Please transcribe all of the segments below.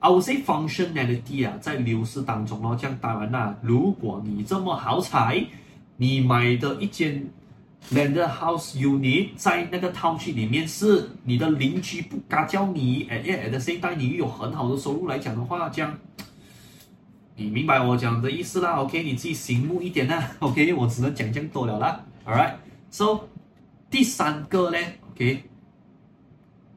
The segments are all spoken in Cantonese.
I would say functionality 啊，在流失當中咯，這樣當然啦、啊，如果你這麼好彩，你買的一間 landed house unit 在那個 Township 裡面是你的鄰居不嘎叫你，誒誒誒的，雖、hmm. 然你有很好的收入，來講的話這樣你明白我講的意思啦，OK，你自己醒目一點啦，OK，我只能講這樣多了啦，All right，so 第三個呢 OK。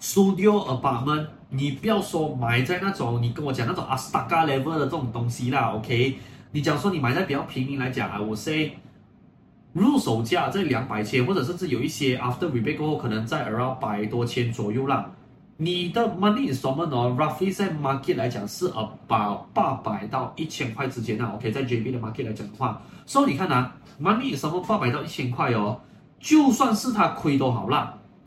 Studio apartment，你不要說買在那種，你跟我講那種 Astaka level 的這種東西啦，OK？你講說你買在比較平民來講啊，我 say 入手價在兩百千或者甚至有一些 after rebate 過後可能在二二百多千左右啦。你的 money 什麼、哦、呢 roughly 在 market 來講是啊，about 八百到一千塊之間啦，OK？在 JB 的 market 來講的話，所、so, 以你看啊 money 什麼八百到一千塊哦，就算是它虧都好啦。